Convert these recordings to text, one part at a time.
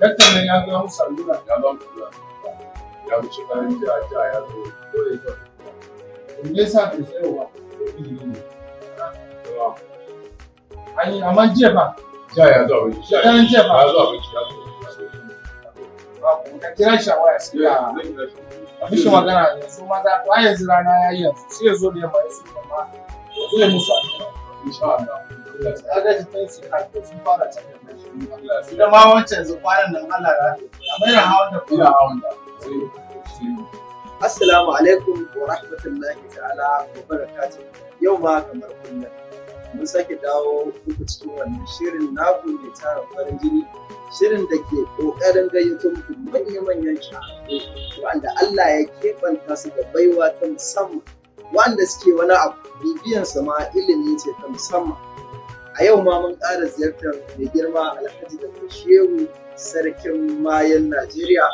daktar nan ya zo musu allura ya ba mu kula ya wuce bayan jiya jiya ya zo ko ya zo me yasa bai tsayawa ko ilimi ne an yi amma jiya ba jiya ya zo abinci jiya ya zo abinci ya zo ka kira shi a waya sai ya magana yanzu maza wa rana ya yi yanzu sai ya zo da yamma ya su kuma ya zo musu a cikin fara da ma wancan su kwanan nan Allah ya mai da hawan da kuma hawan da Assalamu alaikum wa rahmatullahi ta'ala wa barakatuh yau ma kamar kullum mun sake dawo muku cikin wannan shirin naku mai tara farin jini shirin da ke kokarin gayyato muku manya-manyan shahararru wanda Allah ya keɓanta su da baiwa ta musamman wanda suke wani abu bibiyan sama ilimi ce ta musamman a yau ma mun ƙara ziyartar mai girma alhaji da shehu sarkin mayan najeriya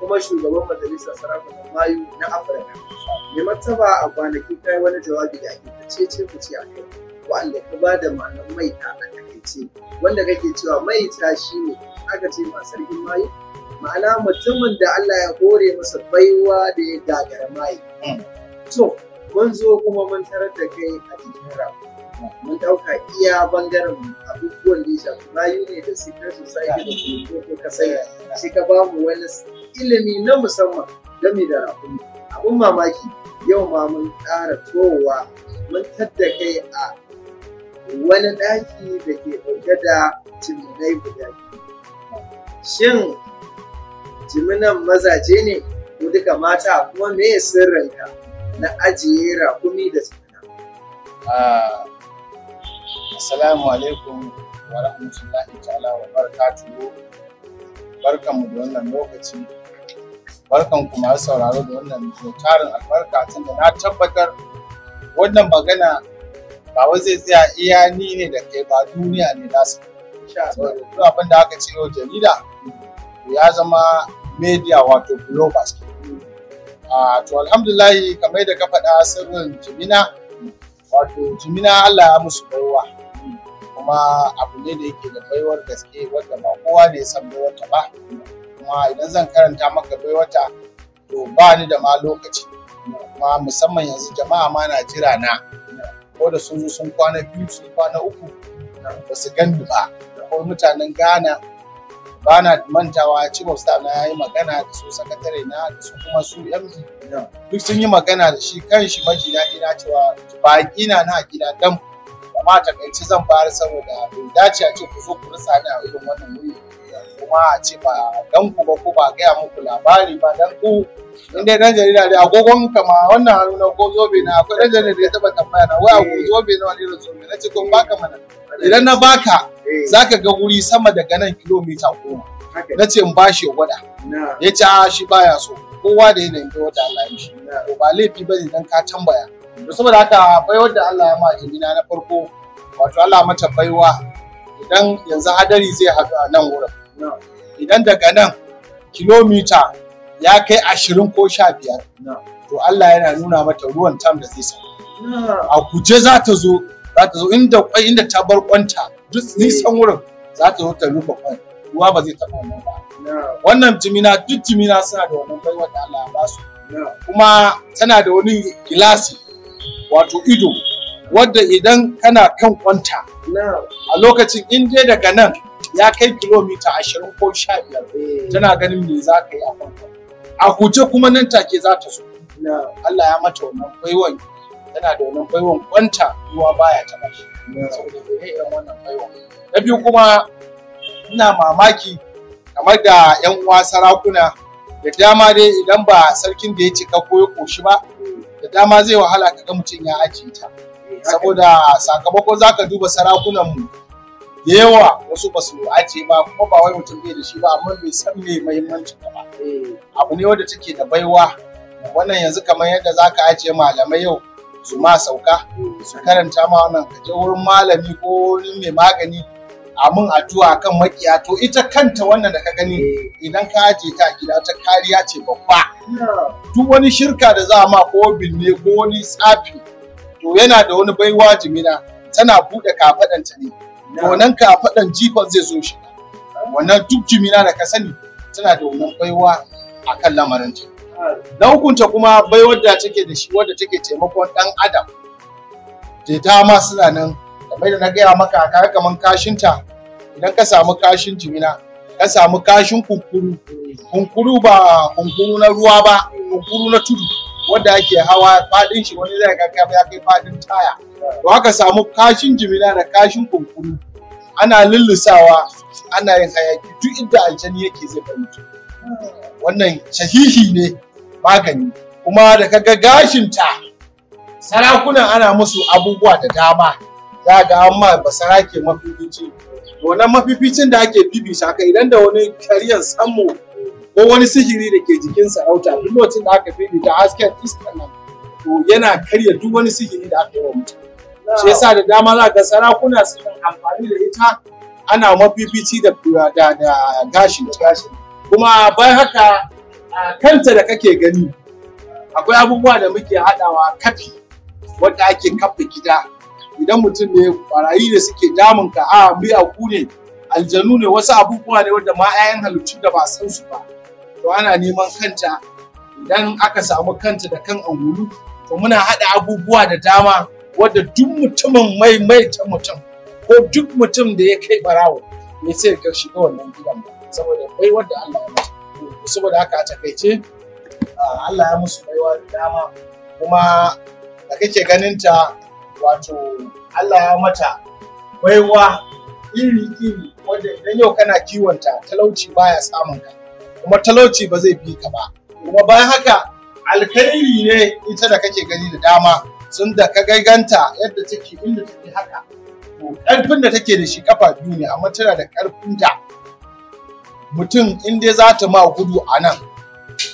kuma shugaban majalisar sarakunan mayu na afirka mai martaba a kwanaki kai wani jawabi da ake ta ce ku ce a kai wanda ka ba da ma'anar mai ta a takaice wanda kake cewa mai ta shi ne aka ce ma sarkin mayu ma'ana mutumin da allah ya kore masa baiwa da ya gagara mayu mm. to mun zo kuma mun tarar da kai a cikin rafi mun ɗauka iya bangaren abubuwan da ya Bayu rayu ne da secret society da ko ka sai sai ka bamu wani ilimi na musamman game da rakumi abun mamaki yau ma mun ƙara towa mun tadda kai a wani ɗaki da ke ɗauke da jiminai guda shin jiminan mazaje ne ko duka mata kuma me sirrinka na ajiye rakumi da jimina ah, Assalamu alaikum wa rahmatullahi ta'ala wa barakatuhu. Barkan da wannan lokaci. Barkan ku masu sauraro da wannan tarin albarka tun da na tabbatar wannan magana ba wai zai tsaya iya ni ne da kai ba duniya ne za su. duk abin da aka ciro jarida ya zama media wato global. Hmm. Ah, to alhamdulahi kamar da ka faɗa sirrin jimina wato jimina Allah ya musu baiwa kuma abu ne da yake da baiwar gaske wanda ba kowa ne ya san baiwarta ba kuma idan zan karanta maka baiwata to ba ni da ma lokaci kuma musamman yanzu jama'a ma na jira na ko da sun zo sun kwana biyu sun kwana uku ba su gandu ba ko mutanen Ghana Bana na mantawa chief of staff na yi magana da su sakatare na da su kuma su md duk sun yi magana da shi kan shi majina ina cewa ba na na gida dan ba ma takaici zan fara saboda bai dace a ce ku zo ku rutsa a irin wannan wuri kuma a ce ba dan ku ba ko ba gaya muku labari ba dan ku in dai dan jarida dai agogon ka ma wannan haruna ko zobe na akwai dan jarida ya taba tambaya na wai agogon zobe na wani irin zobe na ce kun baka mana idan na baka eh. zaka ga wuri sama daga nan kilomita goma na ce in bashi gwada ya ce a ah, shi baya so kowa da yanayin da wata Allah ya shi ba laifi bane dan ka tambaya saboda haka baiwar da Allah ya ma jimina na farko wato Allah mata baiwa idan yanzu hadari zai haɗu a nan wurin idan daga nan kilomita ya kai ashirin ko sha biyar to Allah yana nuna mata ruwan tam da zai sauka a guje za ta zo za ta zo inda kwai inda ta bar kwanta duk nisan wurin za ta zo ta rufe kwan ruwa ba zai taɓa wannan ba wannan jimina duk jimina suna da wannan baiwa da Allah ya ba su kuma tana da wani gilasi wato ido wadda idan kana kan kwanta a lokacin in dai daga nan ya kai kilomita ashirin ko sha biyar eh. tana ganin me za ka yi a farko a huce kuma nan take za ta so Allah ya mata wannan baiwan tana da wannan baiwan kwanta ruwa baya taɓa shi saboda irin wannan baiwan na biyu kuma ina mamaki kamar da yan uwa sarakuna da dama dai idan ba sarkin da ya cika ko ya koshi ba da dama zai wahala ka ga mutum ya ajiye ta eh, saboda sakamakon zaka duba sarakunan mu yawa wasu ba su ajiye ba kuma ba wai mutum bai da shi ba amma bai san me muhimmanci ba eh. abu ne wanda take da baiwa wannan yanzu kamar yadda zaka ajiye malamai yau su ma sauka su karanta ma wannan ka je wurin malami ko wurin mai magani a mun addu'a kan makiya to ita kanta wannan da ka gani eh. idan ka ajiye ta gida ta kariya ce babba duk wani shirka da za ma ko binne ko wani tsafi to yana da wani baiwa jimina tana buɗe kafaɗanta ne wannan kafaɗan jifan zai zo shi wannan duk jimina da ka sani tana da wannan baiwa a kan ta. na hukunta kuma baiwar da take da shi wadda take taimakon ɗan adam da dama suna nan kamar da na gaya maka ka kaman kashinta idan ka samu kashin jimina ka samu kashin kunkuru kunkuru ba kunkuru na ruwa ba kunkuru na tudu wanda ake hawa fadin shi wani zai ga ya kai fadin taya to haka samu kashin jimina da kashin kunkuru ana lullusawa ana yin hayaki duk inda aljani yake zai mutu wannan shahihi ne magani kuma da kaga ta sarakunan ana musu abubuwa da dama za ga an ba sarake mafifici wannan mafificin da ake bibisa ka idan da wani karyan samu ko wani sihiri da ke jikin sarauta duk lokacin da aka fili ta hasken iska nan to yana karya duk wani sihiri da aka yi wa mutum shi yasa da dama za ga sarakuna suna amfani da ita ana mafifici da da da gashi kuma bayan haka kanta da kake gani akwai abubuwa da muke haɗawa kafi wanda ake kafa gida idan mutum ne barayi da suke damun ka a miyagu ne aljanu ne wasu abubuwa ne wanda ma 'ya'yan halittu da ba san su ba to ana neman kanta idan aka samu kanta da kan angulu to muna haɗa abubuwa da dama wadda duk mutumin mai mai ta mutum ko duk mutum da ya kai barawo ne sai ka shiga wannan gidan saboda bai wadda Allah ya mutu saboda haka a takaice Allah ya musu baiwa da dama kuma da kake ganin ta wato Allah ya mata baiwa iri-iri wanda idan yau kana kiwonta talauci baya samun ka kuma talauci ba zai bi ka ba kuma bayan haka alkhairi ne ita da kake gani da dama sun da ka gaiganta yadda take inda take haka ƙarfin da take da shi kafa biyu ne amma tana da ƙarfin da mutum in dai za ta ma gudu a nan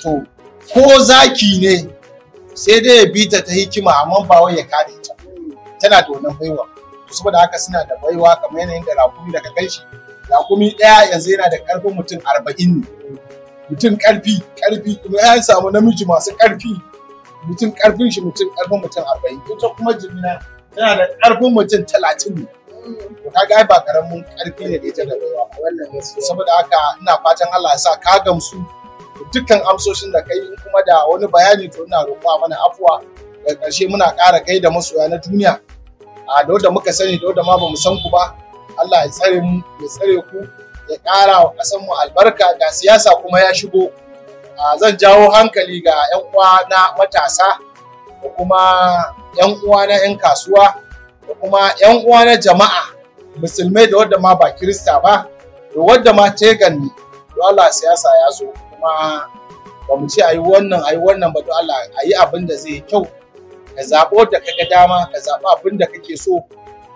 to ko zaki ne sai dai ya bi ta ta hikima amma ba wai ya kare ta tana da wannan baiwa saboda haka suna da baiwa kamar yanayin da rakumi daga shi rakumi ɗaya yanzu yana da ƙarfin mutum arba'in ne mutum karfi karfi kuma ya samu namiji masu karfi mutum karfin shi mutum karfin mutum arba'in ita kuma jimina tana da karfin mutum talatin ne ka ga ba karamin karfi ne da ita da baiwa wannan saboda haka ina fatan Allah ya sa ka gamsu dukkan amsoshin da kai kuma da wani bayani to ina roƙo mana afuwa daga ƙarshe muna ƙara kai da masoya na duniya a da wanda muka sani da wanda ma bamu san ku ba Allah ya tsare mu ya tsare ku ya ƙara wa mu albarka ga siyasa kuma ya shigo zan jawo hankali ga 'yan uwa na matasa da kuma 'yan uwa na 'yan kasuwa da kuma 'yan uwa na jama'a musulmai da wadda ma ba kirista ba da wadda ma tegan ne Allah siyasa ya zo kuma ba mu ce a yi wannan a yi wannan ba Allah a yi abin da zai kyau ka zaɓo da kaga dama ka zaɓi abin da kake so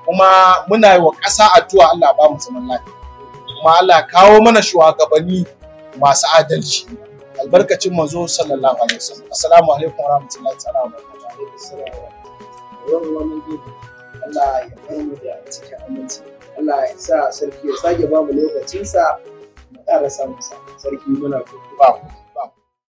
kuma muna yi wa ƙasa addu'a Allah ba mu zaman lafiya kuma kawo mana shugabanni masu adalci albarkacin manzo sallallahu alaihi wasallam assalamu alaikum warahmatullahi ta'ala wabarakatuh Allah ya da cikin aminci Allah ya sa sarki ya sake ba mu lokacinsa mu ƙara sarki muna